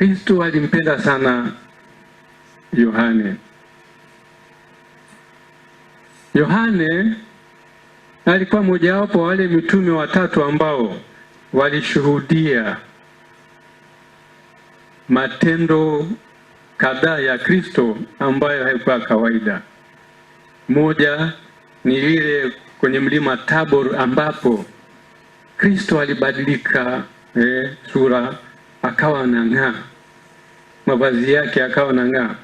Kristo alimpenda sana Yohane. Yohane alikuwa mojawapo wale mitume watatu ambao walishuhudia matendo kadhaa ya Kristo ambayo haikuwa kawaida. Moja ni ile kwenye mlima Tabor ambapo Kristo alibadilika eh, sura akawa anang'aa mavazi yake akawa na ng'aa.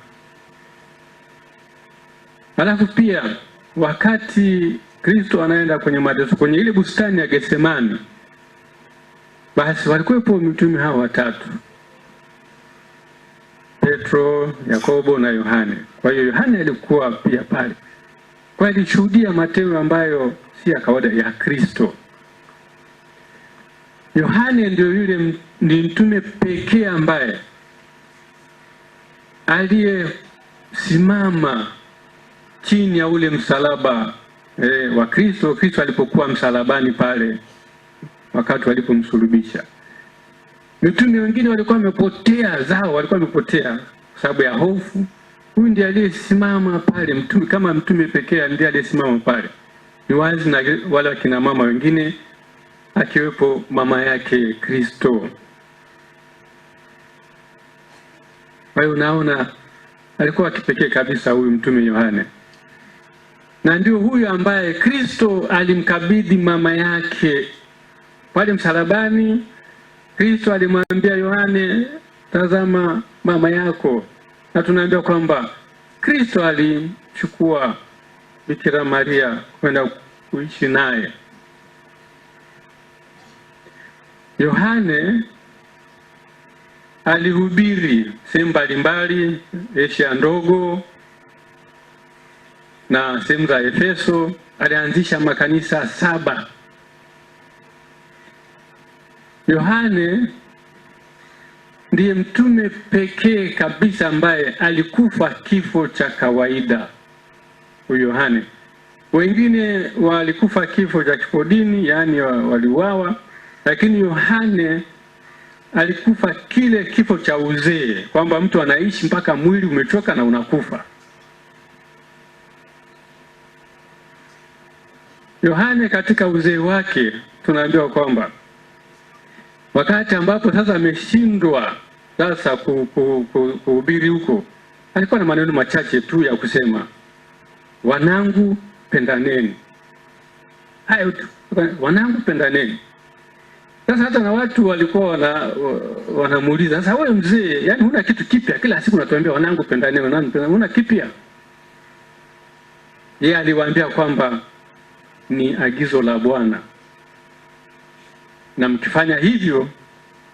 pia wakati Kristo anaenda kwenye mateso kwenye ile bustani ya Getsemani, basi walikuwepo mitume hawa watatu Petro, Yakobo na Yohane. Kwa hiyo Yohane alikuwa pia pale, kwa alishuhudia matendo ambayo si ya kawaida ya Kristo. Yohane ndio yule ni mtume pekee ambaye aliyesimama chini ya ule msalaba e, wa Kristo. Kristo alipokuwa msalabani pale, wakati walipomsulubisha, mitume wengine walikuwa wamepotea zao, walikuwa wamepotea kwa sababu ya hofu. Huyu ndiye aliyesimama pale, mtume kama mtume pekee ndiye aliyesimama pale. Ni wazi na wale wakina mama wengine, akiwepo mama yake Kristo. Kwa hiyo unaona alikuwa kipekee kabisa huyu mtume Yohane, na ndio huyu ambaye Kristo alimkabidhi mama yake pale msalabani. Kristo alimwambia Yohane, tazama mama yako, na tunaambiwa kwamba Kristo alimchukua Bikira Maria kwenda kuishi naye Yohane alihubiri sehemu mbalimbali Asia ndogo na sehemu za Efeso. Alianzisha makanisa saba. Yohane ndiye mtume pekee kabisa ambaye alikufa kifo cha kawaida. huyu Yohane, wengine walikufa kifo cha kifodini, yaani waliuawa, lakini Yohane alikufa kile kifo cha uzee, kwamba mtu anaishi mpaka mwili umechoka na unakufa. Yohane katika uzee wake tunaambiwa kwamba wakati ambapo sasa ameshindwa sasa kuhubiri huko, alikuwa na maneno machache tu ya kusema, wanangu pendaneni. Hayo tu, wanangu pendaneni. Sasa hata na watu walikuwa wana wanamuuliza sasa, wewe mzee, yani huna kitu kipya? Kila siku natuambia wanangu, pendane, wanangu pendane, huna kipya. Yeye aliwaambia kwamba ni agizo la Bwana, na mkifanya hivyo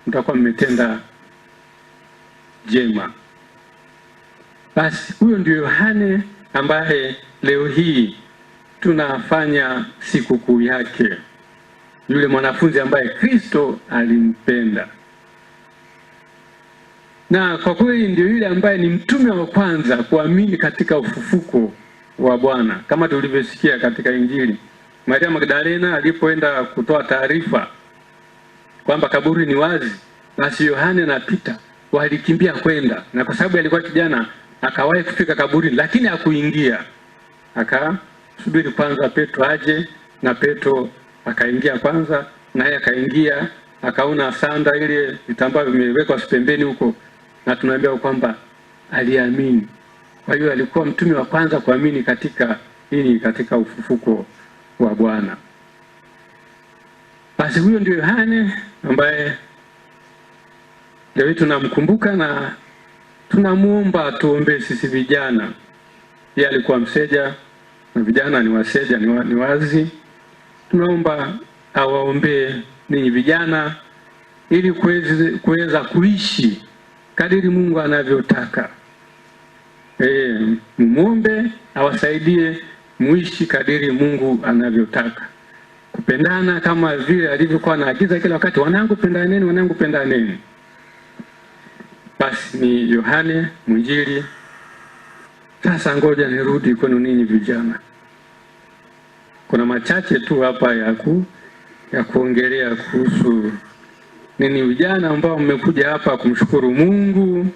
mtakuwa mmetenda jema. Basi huyo ndio Yohane ambaye leo hii tunafanya sikukuu yake yule mwanafunzi ambaye Kristo alimpenda, na kwa kweli ndio yule ambaye ni mtume wa kwanza kuamini katika ufufuko wa Bwana, kama tulivyosikia katika Injili. Maria Magdalena alipoenda kutoa taarifa kwamba kaburi ni wazi, basi Yohane na Pita walikimbia kwenda, na kwa sababu alikuwa kijana akawahi kufika kaburi, lakini hakuingia, akasubiri kwanza Petro aje, na Petro akaingia kwanza, naye akaingia akaona sanda ile vitambaa vimewekwa pembeni huko, na tunaambia kwamba aliamini. Kwa hiyo alikuwa mtume wa kwanza kuamini katika nini? Katika ufufuko wa Bwana. Basi huyo ndio Yohane ambaye leo tunamkumbuka na tunamuomba tuombe sisi vijana. Yeye alikuwa mseja na vijana ni waseja, ni wazi tunaomba awaombee ninyi vijana ili kuweza kuishi kadiri Mungu anavyotaka. E, mumwombe awasaidie muishi kadiri Mungu anavyotaka, kupendana kama vile alivyokuwa anaagiza kila wakati, wanangu pendaneni, wanangu pendaneni. Basi ni Yohane Mwinjili. Sasa ngoja nirudi kwenu ninyi vijana kuna machache tu hapa ya ku ya kuongelea kuhusu nini, vijana ambao mmekuja hapa kumshukuru Mungu,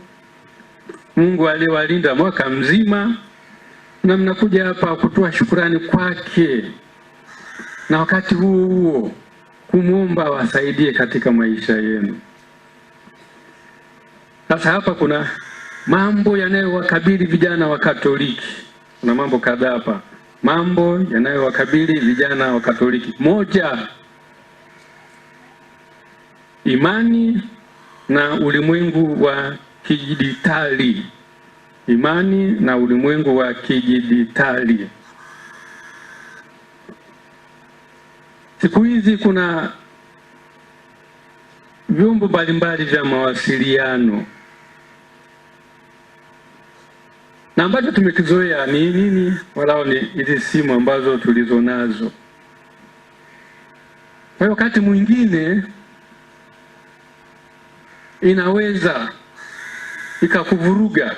Mungu aliyewalinda mwaka mzima, na mnakuja hapa kutoa shukurani kwake, na wakati huo huo kumwomba wasaidie katika maisha yenu. Sasa hapa kuna mambo yanayowakabili vijana wa Katoliki, kuna mambo kadhaa hapa mambo yanayowakabili vijana wa Katoliki. Moja, imani na ulimwengu wa kidijitali. Imani na ulimwengu wa kidijitali. Siku hizi kuna vyombo mbalimbali vya mawasiliano na ambacho tumekizoea ni nini? Walao ni hizi simu ambazo tulizo nazo. Kwa hiyo wakati mwingine inaweza ikakuvuruga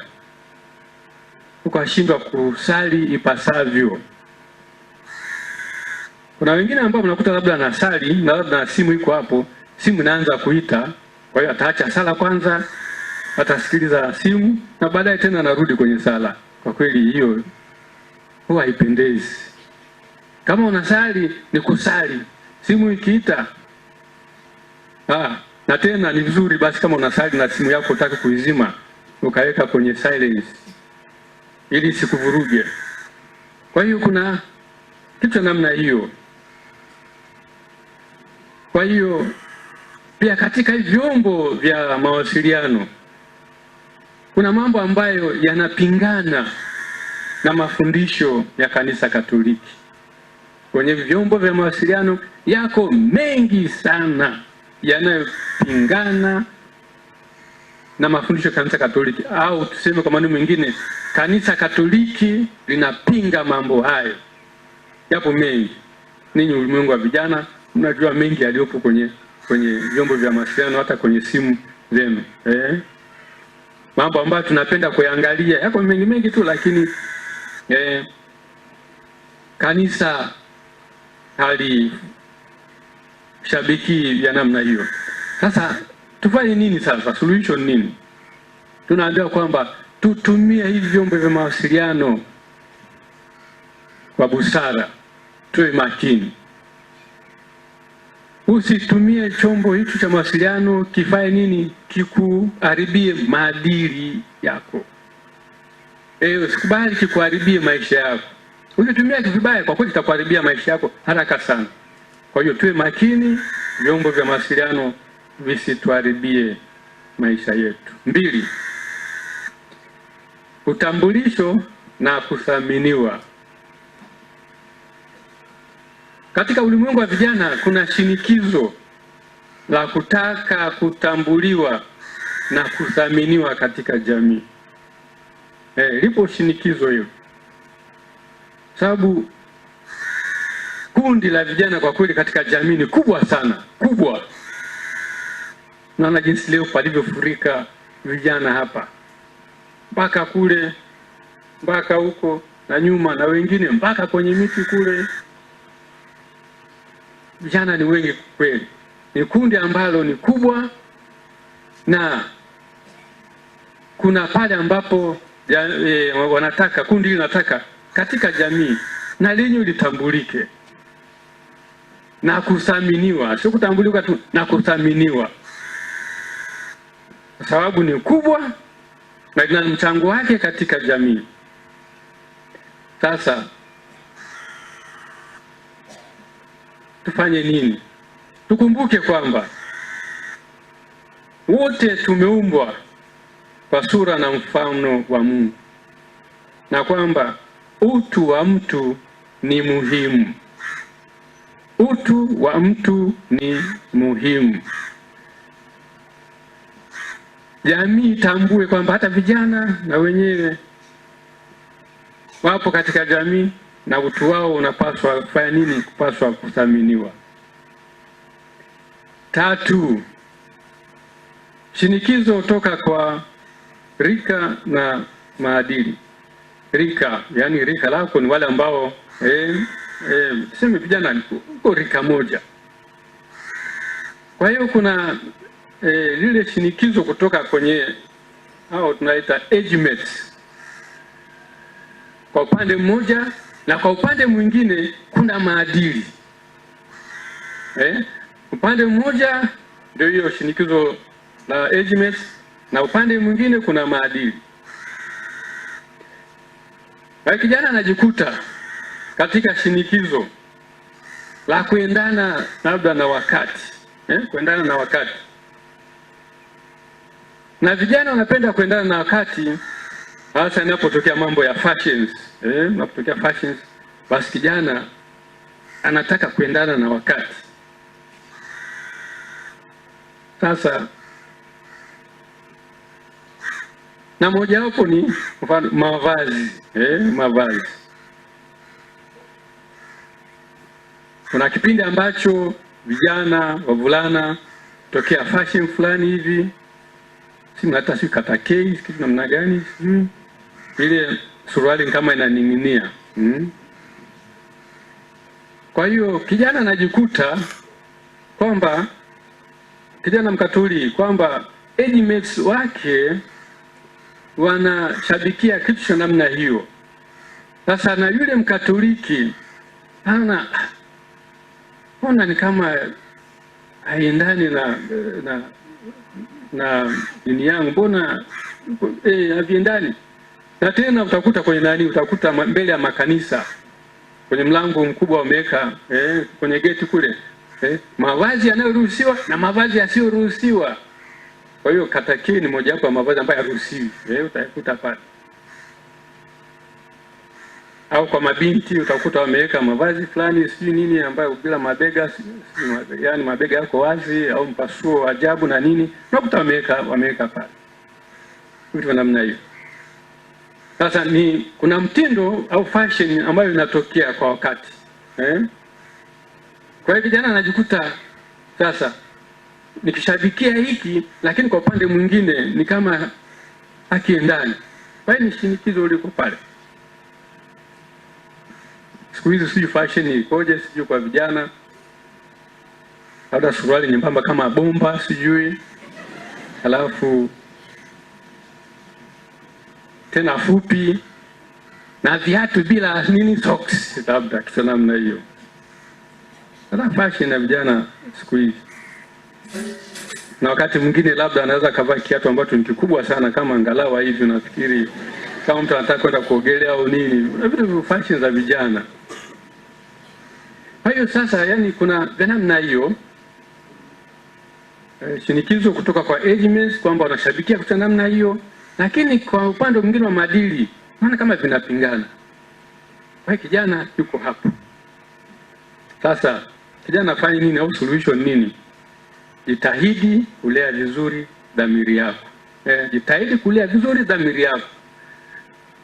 ukashindwa kusali ipasavyo. Kuna wengine ambao mnakuta labda na sali na labda simu iko hapo, simu inaanza kuita, kwa hiyo ataacha sala kwanza atasikiliza simu na baadaye tena anarudi kwenye sala. Kwa kweli hiyo huwa haipendezi. Kama unasali ni kusali, simu ikiita ah, na tena ni vizuri basi, kama unasali na simu yako utaki kuizima, ukaweka kwenye silence ili sikuvuruge. Kwa hiyo kuna kitu cha namna hiyo. Kwa hiyo pia katika vyombo vya mawasiliano kuna mambo ambayo yanapingana na mafundisho ya kanisa Katoliki. Kwenye vyombo vya mawasiliano yako mengi sana yanayopingana na mafundisho ya kanisa Katoliki, au tuseme kwa maneno mengine, kanisa Katoliki linapinga mambo hayo. Yapo mengi, ninyi ulimwengu wa vijana mnajua mengi yaliyopo kwenye kwenye vyombo vya mawasiliano, hata kwenye simu zenu eh? mambo ambayo tunapenda kuyaangalia, yako mengi mengi tu, lakini eh, kanisa shabiki ya namna hiyo. Sasa tufanye nini? Sasa suluhisho ni nini? Tunaambiwa kwamba tutumie hivi vyombo vya mawasiliano kwa busara, tuwe makini. Usitumie chombo hicho cha mawasiliano kifanye nini, kikuharibie maadili yako. e usikubali kikuharibie maisha yako. Ukitumia kitu vibaya kwa kweli kitakuharibia maisha yako haraka sana. Kwa hiyo tuwe makini, vyombo vya mawasiliano visituharibie maisha yetu. Mbili, utambulisho na kuthaminiwa. Katika ulimwengu wa vijana kuna shinikizo la kutaka kutambuliwa na kuthaminiwa katika jamii. E, lipo shinikizo hilo, sababu kundi la vijana kwa kweli katika jamii ni kubwa sana, kubwa. Naona jinsi leo palivyofurika vijana hapa mpaka kule mpaka huko na nyuma, na wengine mpaka kwenye miti kule vijana ni wengi kweli, ni kundi ambalo ni kubwa, na kuna pale ambapo ya, e, wanataka kundi hili nataka katika jamii na linyi litambulike na kuthaminiwa, sio kutambulika tu, na kuthaminiwa kwa sababu ni kubwa na lina mchango wake katika jamii. Sasa tufanye nini? Tukumbuke kwamba wote tumeumbwa kwa sura na mfano wa Mungu na kwamba utu wa mtu ni muhimu. Utu wa mtu ni muhimu. Jamii tambue kwamba hata vijana na wenyewe wapo katika jamii na utu wao unapaswa kufanya nini? Kupaswa kuthaminiwa. Tatu, shinikizo toka kwa rika na maadili. Rika yani rika lako ni wale ambao eh, eh, sema vijana uko rika moja. Kwa hiyo kuna eh, lile shinikizo kutoka kwenye hao tunaita age mates kwa upande mmoja na kwa upande mwingine kuna maadili eh? Upande mmoja ndio hiyo shinikizo la agents, na upande mwingine kuna maadili. Kwa kijana anajikuta katika shinikizo la kuendana labda na wakati eh? kuendana na wakati, na vijana wanapenda kuendana na wakati Hasa inapotokea mambo ya fashions, eh, inapotokea fashions, basi kijana anataka kuendana na wakati. Sasa na mojawapo ni mavazi eh, mavazi. Kuna kipindi ambacho vijana wavulana tokea fashion fulani hivi, si hata si kata case kitu namna gani sijui hmm ile suruali kama inaning'inia hmm? Kwa hiyo kijana anajikuta kwamba kijana mkatuli kwamba age wake wanashabikia kitu cha namna hiyo. Sasa na yule Mkatoliki ana ona ni kama haiendani na na na dini yangu, mbona eh haviendani na tena utakuta kwenye nani, utakuta mbele ya makanisa kwenye mlango mkubwa wameweka eh, kwenye geti kule eh, mavazi yanayoruhusiwa na mavazi yasiyoruhusiwa. Kwa hiyo katakii ni mojawapo ya mavazi ambayo yaruhusiwi eh, utakuta pale au kwa mabinti utakuta wameweka mavazi fulani sijui nini ambayo bila mabega, yani mabega yako wazi au mpasuo ajabu na nini, unakuta wameweka wameweka pale vitu namna hiyo. Sasa ni kuna mtindo au fashion ambayo inatokea kwa wakati eh? Kwa hiyo vijana anajikuta sasa nikishabikia hiki, lakini kwa upande mwingine ni kama akiendani. Kwa hiyo ni shinikizo uliko pale. Siku hizi sijui fashion ikoje, sijui kwa vijana, labda suruali nyembamba kama bomba, sijui alafu tena fupi na viatu bila nini socks, labda kitu namna hiyo. Sasa fashion ya vijana siku hizi, na wakati mwingine labda anaweza kavaa kiatu ambacho ni kikubwa sana, kama angalawa hivi, nafikiri kama mtu anataka kwenda kuogelea au nini, na vitu vya fashion za vijana. Kwa hiyo sasa, yani kuna namna hiyo eh, shinikizo kutoka kwa agents kwamba wanashabikia kwa namna hiyo lakini kwa upande mwingine wa maadili maana kama vinapingana. Kwa hiyo kijana yuko hapo sasa, kijana afanye nini au suluhisho nini? Jitahidi kulea vizuri dhamiri yako eh, jitahidi kulea vizuri dhamiri yako.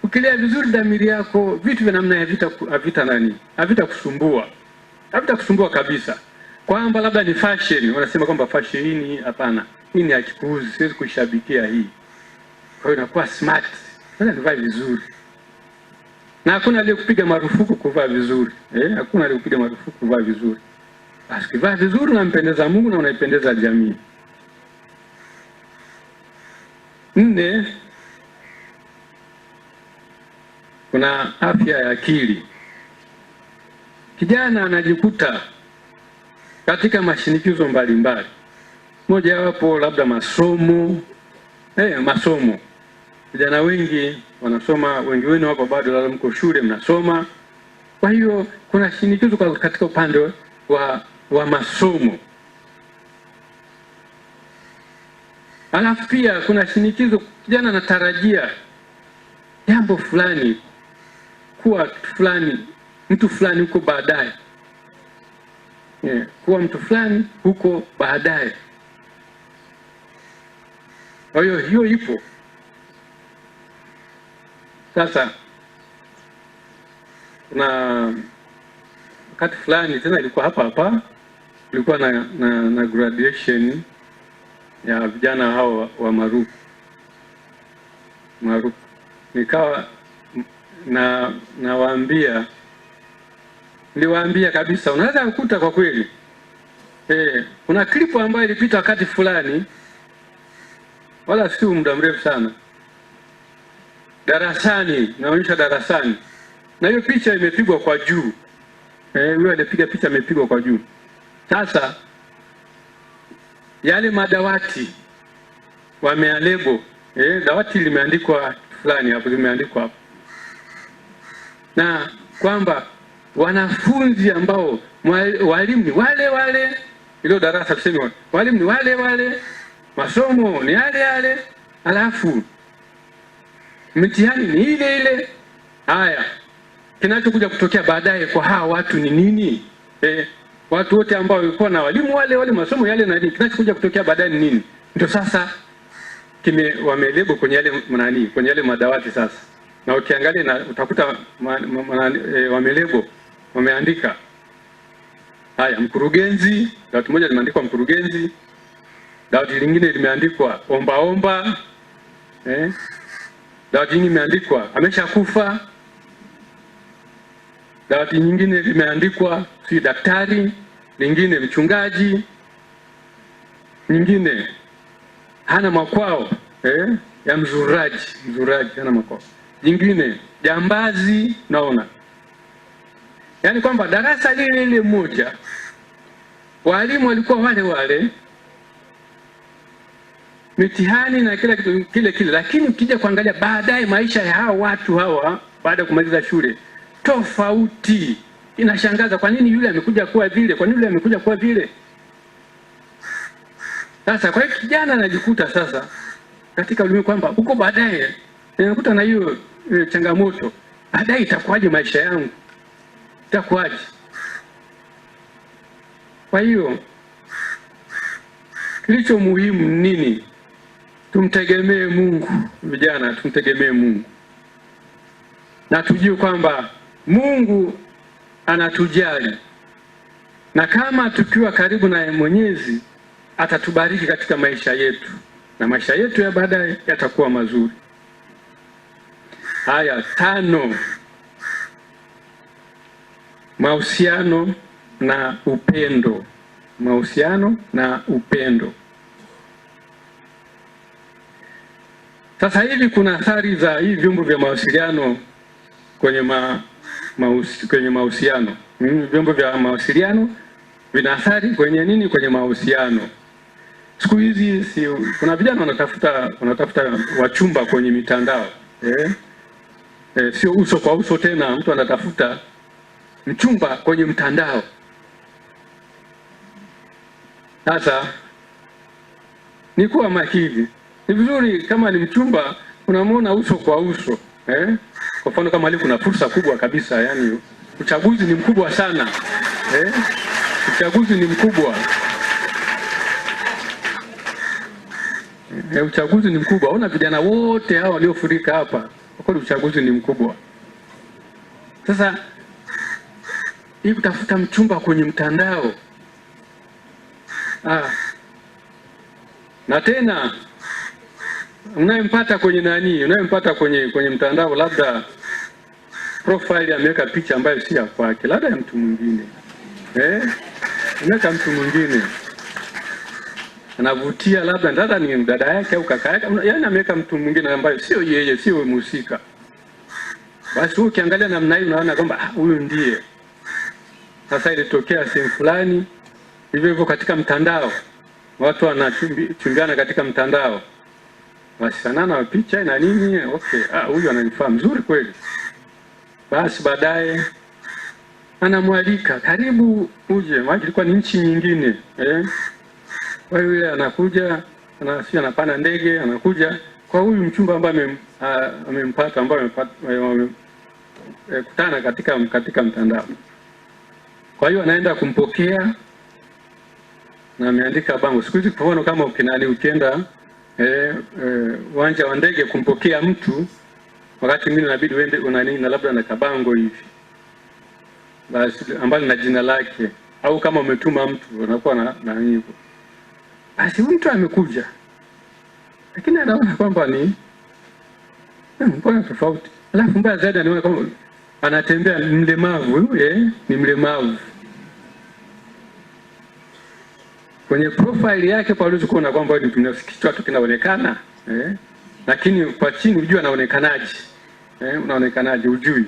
Ukilea vizuri dhamiri yako, vitu vya namna havita havita nani havita kusumbua kabisa, kwamba labda ni fashion, wanasema kwamba fashion hii. Hapana, hii ni ya siwezi kushabikia hii. Kwa hiyo unakuwa smart, nivae vizuri, na hakuna aliyekupiga marufuku kuvaa vizuri eh, hakuna aliyekupiga marufuku kuvaa vizuri. Basi ukivaa vizuri unampendeza Mungu na unaipendeza jamii. Nne, kuna afya ya akili. Kijana anajikuta katika mashinikizo mbalimbali, wapo labda masomo eh, masomo vijana wengi wanasoma, wengi wenu hapa bado labda mko shule mnasoma. Kwa hiyo kuna shinikizo katika upande wa, wa masomo, alafu pia kuna shinikizo, kijana anatarajia jambo fulani kuwa fulani mtu fulani huko baadaye, yeah, kuwa mtu fulani huko baadaye. Kwa hiyo hiyo ipo. Sasa kuna wakati fulani tena, ilikuwa hapa hapa, kulikuwa na, na, na graduation ya vijana hao wa, wa Maruku Maruku, nikawa na nawaambia, niliwaambia kabisa, unaweza kukuta kwa kweli eh, kuna klipu ambayo ilipita wakati fulani, wala sio muda mrefu sana darasani, naonyesha darasani, na hiyo picha imepigwa kwa juu. Eh, huyo alipiga picha amepigwa kwa juu. Sasa yale madawati wamealebo, eh, dawati limeandikwa fulani hapo, limeandikwa hapo, na kwamba wanafunzi ambao walimu ni wale wale, ilo darasa tuseme walimu ni wale wale, masomo ni yale yale, alafu mtihani ni ile ile. Haya, kinachokuja kutokea baadaye kwa hawa watu ni nini? Eh, watu wote ambao walikuwa na walimu wale wale masomo yale na nini, kinachokuja kutokea baadaye ni nini? Ndio sasa kime wamelebo kwenye yale nani, kwenye yale madawati sasa, na ukiangalia na utakuta e, wamelebo wameandika haya, mkurugenzi. Dawati moja limeandikwa mkurugenzi, dawati lingine limeandikwa ombaomba, eh dawati nyingine imeandikwa ameshakufa, dawati nyingine limeandikwa si daktari, lingine mchungaji, nyingine hana makwao eh, ya mzuraji, mzuraji hana makwao, nyingine jambazi. Naona yaani kwamba darasa lile lile moja walimu walikuwa wale wale mitihani na kila kitu kile kile, lakini ukija kuangalia baadaye maisha ya hawa watu hawa baada ya kumaliza shule tofauti. Inashangaza, kwa nini yule amekuja kuwa vile? Kwa nini yule amekuja kuwa vile? Sasa kwa hiyo kijana anajikuta sasa katika ulimwengu kwamba huko baadaye nakuta na hiyo e, changamoto baadaye, itakuwaje maisha yangu, itakuwaje? Kwa hiyo kilicho muhimu nini? Tumtegemee Mungu vijana, tumtegemee Mungu na tujue kwamba Mungu anatujali, na kama tukiwa karibu naye Mwenyezi atatubariki katika maisha yetu na maisha yetu ya baadaye yatakuwa mazuri. Haya, tano, mahusiano na upendo, mahusiano na upendo. Sasa hivi kuna athari za hivi vyombo vya mawasiliano kwenye ma, maus, kwenye mahusiano. Vyombo vya mawasiliano vina athari kwenye nini? Kwenye mahusiano. Siku hizi si kuna vijana wanatafuta wanatafuta wachumba kwenye mitandao eh? Eh, sio uso kwa uso tena, mtu anatafuta mchumba kwenye mtandao. Sasa ni kuwa makini. Ni vizuri kama ni mchumba unamwona uso kwa uso eh? Kwa mfano kama leo kuna fursa kubwa kabisa, yani uchaguzi ni mkubwa sana eh? Uchaguzi ni mkubwa eh, uchaguzi ni mkubwa. Ona vijana wote hao waliofurika hapa, kwa kweli uchaguzi ni mkubwa. Sasa hii kutafuta mchumba kwenye mtandao ah. na tena unayempata kwenye nani, unayempata kwenye kwenye mtandao, labda profile ameweka picha ambayo si ya kwake, labda ya mtu mwingine eh, ameweka mtu mwingine anavutia, labda dada ni dada yake au kaka yake, yaani ameweka mtu mwingine ambayo sio yeye, sio mhusika. Basi wewe ukiangalia namna hii, unaona kwamba ah, huyu ndiye sasa. Ilitokea sehemu fulani hivyo hivyo katika mtandao, watu wanachumbiana katika mtandao wasichanana wa picha na nini, okay, ah, huyu ananifaa mzuri kweli. Basi baadaye anamwalika karibu uje, maji ilikuwa ni nchi nyingine eh. Kwa yule anakuja anafia, anapanda ndege, anakuja kwa huyu mchumba ambaye ah, amempata, ambaye amekutana eh, katika katika mtandao. Kwa hiyo anaenda kumpokea na ameandika bango. Siku hizi kuona kama ukinani ukienda uwanja eh, eh, wa ndege kumpokea mtu wakati mimi nabidi uende una nini na labda na kabango hivi basi ambalo na jina lake au kama umetuma mtu unakuwa na, na hivyo basi mtu amekuja, lakini anaona kwamba ni mbona tofauti, alafu mbaya zaidi anaona kama anatembea mlemavu eh, ni mlemavu kwenye profile yake kwa ulizo kuona kwamba ni binafsi, kichwa tu kinaonekana eh, lakini kwa chini unajua anaonekanaje eh, unaonekanaje ujui.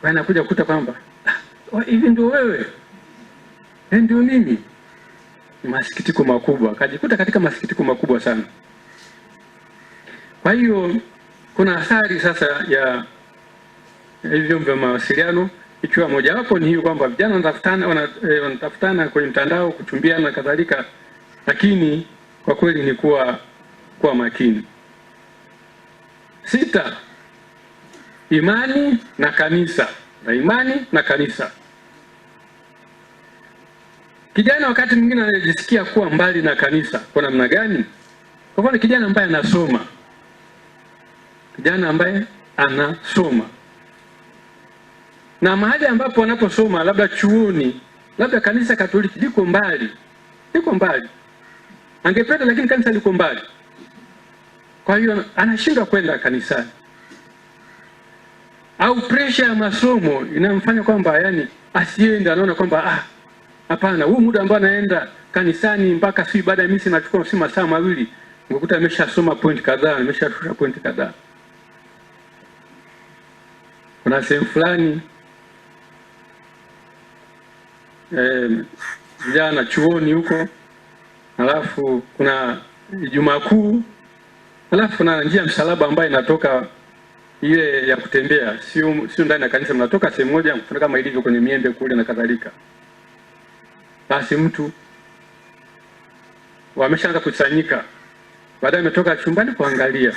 Kwa anakuja kukuta kwamba ah, oh, hivi ndio wewe eh, ndio mimi. Ni masikitiko makubwa, akajikuta katika masikitiko makubwa sana. Kwa hiyo kuna athari sasa ya hivyo vyombo vya mawasiliano ikiwa mojawapo ni hiyo kwamba vijana wanatafutana e, wanatafutana kwenye mtandao kuchumbiana na kadhalika, lakini kwa kweli ni kuwa kuwa makini. Sita, imani na kanisa na imani na kanisa. Kijana wakati mwingine anajisikia kuwa mbali na kanisa. Kwa namna gani? Kwa mfano, kijana ambaye anasoma, kijana ambaye anasoma na mahali ambapo wanaposoma labda chuoni, labda kanisa Katoliki liko mbali, liko mbali, angependa lakini kanisa liko mbali, kwa hiyo anashindwa kwenda kanisani, au presha ya masomo inamfanya kwamba yani asiende, anaona kwamba ah, hapana, huu muda ambao anaenda kanisani mpaka si baada ya misi nachukua si masaa mawili, ungekuta ameshasoma point kadhaa, ameshashusha point kadhaa. Kuna sehemu fulani Eh, vijana e, chuoni huko, halafu kuna Ijumaa Kuu, halafu na njia msalaba ambayo inatoka ile ya kutembea, sio sio ndani ya kanisa, mnatoka sehemu moja kama ilivyo kwenye miembe kule na kadhalika. Basi mtu wameshaanza kusanyika, baadaye ametoka chumbani kuangalia,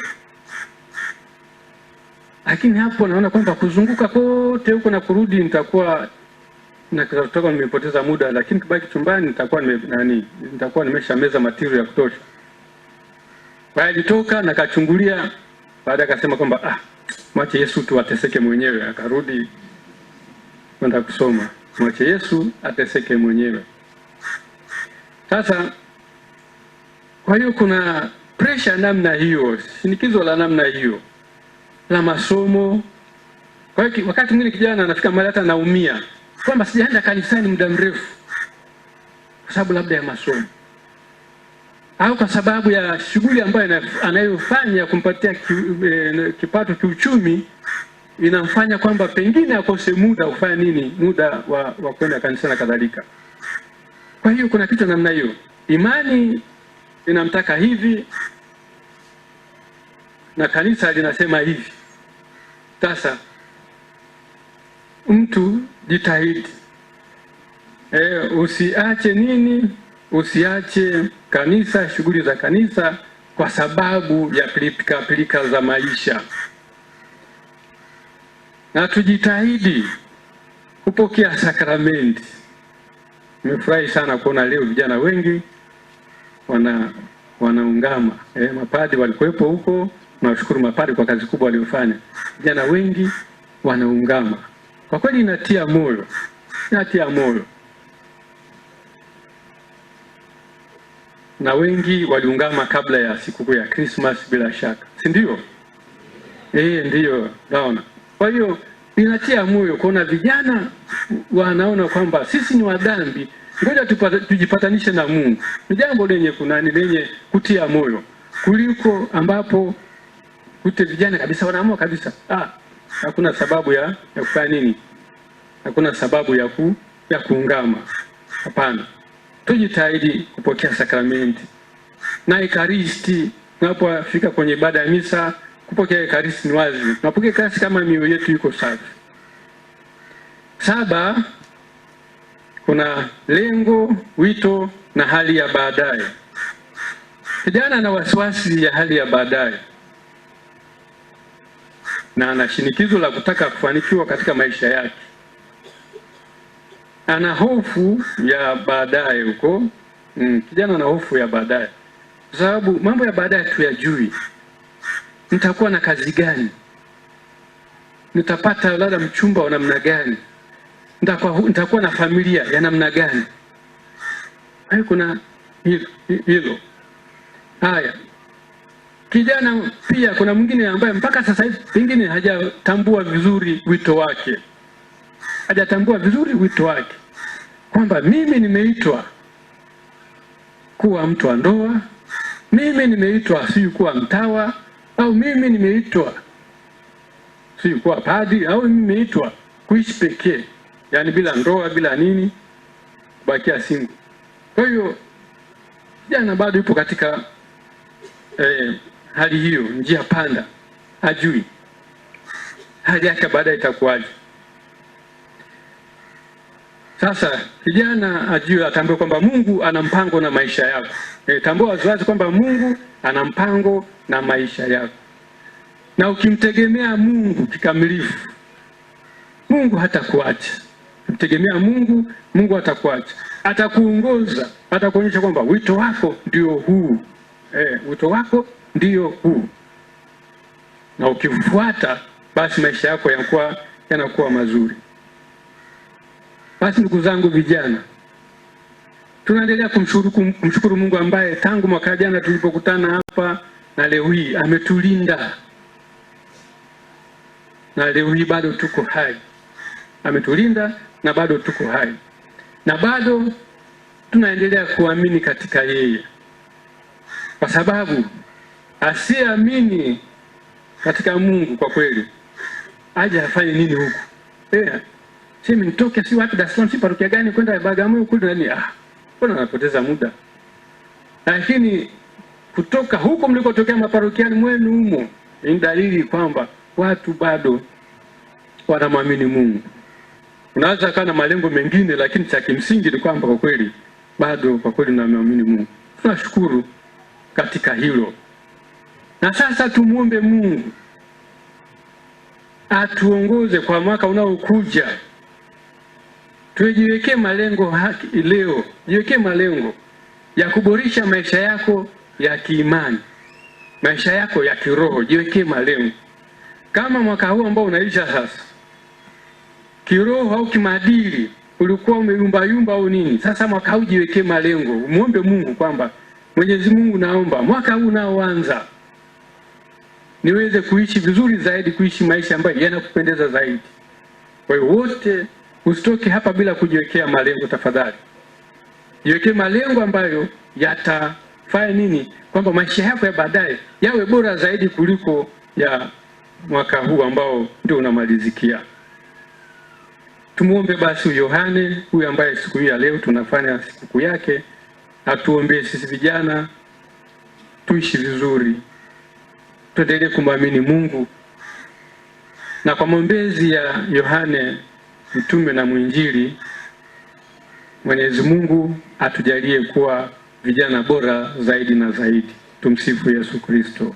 lakini hapo naona kwamba kuzunguka kote huko na kurudi nitakuwa na kutoka nimepoteza muda, lakini kibaki chumbani nitakuwa nime, nani nitakuwa nimesha meza material ya kutosha. Baada alitoka na kachungulia, baada akasema kwamba ah, mwache Yesu tu ateseke mwenyewe. Akarudi kwenda kusoma, mwache Yesu ateseke mwenyewe. Sasa kwa hiyo kuna pressure namna hiyo, shinikizo la namna hiyo la masomo. Kwa hiyo wakati mwingine kijana anafika mahali hata anaumia kwamba sijaenda kanisani muda mrefu kwa sababu labda ya masomo au kwa sababu ya shughuli ambayo anayofanya kumpatia ki, eh, kipato kiuchumi inamfanya kwamba pengine akose muda kufanya nini, muda wa, wa kwenda kanisa na kadhalika. Kwa hiyo kuna kitu namna hiyo, imani inamtaka hivi na kanisa linasema hivi. Sasa mtu jitahidi e, usiache nini, usiache kanisa, shughuli za kanisa kwa sababu ya pilika pilika za maisha, na tujitahidi kupokea sakramenti. Nimefurahi sana kuona leo vijana wengi wana wanaungama eh, mapadi walikuwepo huko. Nawashukuru mapadi kwa kazi kubwa waliofanya. Vijana wengi wanaungama. Kwa kweli inatia moyo, inatia moyo, na wengi waliungama kabla ya sikukuu ya Krismas, bila shaka, si ndio? Eh, ndiyo, naona. Kwa hiyo inatia moyo kuona vijana wanaona kwamba sisi ni wadhambi, ngoja tujipatanishe na Mungu. Ni jambo lenye kunani, lenye kutia moyo kuliko ambapo kute vijana kabisa wanaamua kabisa ah, hakuna sababu ya, ya kufanya nini, hakuna sababu ya, ku, ya kuungama. Hapana, tujitahidi kupokea sakramenti na Ekaristi. Tunapofika kwenye ibada ya misa, kupokea Ekaristi ni wazi, tunapokea Ekaristi kama mioyo yetu iko safi. Saba, kuna lengo, wito na hali ya baadaye. Kijana na wasiwasi ya hali ya baadaye na ana shinikizo la kutaka kufanikiwa katika maisha yake, ana hofu ya baadaye huko. Mm, kijana ana hofu ya baadaye kwa sababu mambo ya baadaye tuyajui. Nitakuwa na kazi gani? Nitapata labda mchumba wa namna gani? Nitakuwa, nitakuwa na familia ya namna gani? Hayo kuna hilo hilo. Haya. Kijana pia kuna mwingine ambaye mpaka sasa hivi pengine hajatambua vizuri wito wake, hajatambua vizuri wito wake kwamba mimi nimeitwa kuwa mtu wa ndoa, mimi nimeitwa siyo kuwa mtawa, au mimi nimeitwa siyo kuwa padri, au nimeitwa kuishi pekee, yani bila ndoa, bila nini, kubakia singu. Kwa hiyo kijana bado yupo katika eh, hali hiyo, njia panda, hajui hali yake baadaye itakuwaje. Sasa kijana ajue, atambue kwamba Mungu ana mpango na maisha yako. E, tambua wazazi kwamba Mungu ana mpango na maisha yako, na ukimtegemea Mungu kikamilifu, Mungu hatakuacha. Mtegemea Mungu, Mungu hatakuacha, atakuongoza, atakuonyesha kwamba wito wako ndio huu. E, wito wako ndiyo huu, na ukifuata basi maisha yako yanakuwa yanakuwa mazuri. Basi ndugu zangu vijana, tunaendelea kumshukuru, kumshukuru Mungu ambaye tangu mwaka jana tulipokutana hapa na leo hii ametulinda, na leo hii bado tuko hai. Ametulinda na bado tuko hai na bado tunaendelea kuamini katika yeye kwa sababu asiyeamini katika Mungu kwa kweli aje afanye nini huku? Eh, sisi mtoke si wapi, Dar es Salaam si parokia gani kwenda Bagamoyo kule nani? Ah, mbona napoteza muda? Lakini kutoka huko mlikotokea maparokiani mwenu humo ni dalili kwamba watu bado wanamwamini Mungu. Unaweza kuwa na malengo mengine, lakini cha kimsingi ni kwamba kwa kweli bado kwa kweli unamwamini Mungu. Tunashukuru katika hilo. Na sasa tumwombe Mungu atuongoze kwa mwaka unaokuja, tujiwekee malengo haki leo, jiwekee malengo ya kuboresha maisha yako ya kiimani, maisha yako ya kiroho. Jiwekee malengo kama mwaka huu ambao unaisha sasa, kiroho au kimaadili ulikuwa umeyumbayumba au nini? Sasa mwaka huu jiwekee malengo, umwombe Mungu kwamba Mwenyezi Mungu, naomba mwaka huu unaoanza niweze kuishi vizuri zaidi, kuishi maisha ambayo yanakupendeza zaidi. Kwa hiyo wote, usitoke hapa bila kujiwekea malengo. Tafadhali jiwekee malengo ambayo yatafanya nini, kwamba maisha yako ya baadaye yawe bora zaidi kuliko ya mwaka huu ambao ndio unamalizikia. Tumwombe basi Yohane huyu ambaye siku hii ya leo tunafanya sikukuu yake, atuombee sisi vijana tuishi vizuri tuendelee kumwamini Mungu na kwa maombezi ya Yohane mtume na mwinjili, Mwenyezi Mungu atujalie kuwa vijana bora zaidi na zaidi. Tumsifu Yesu Kristo.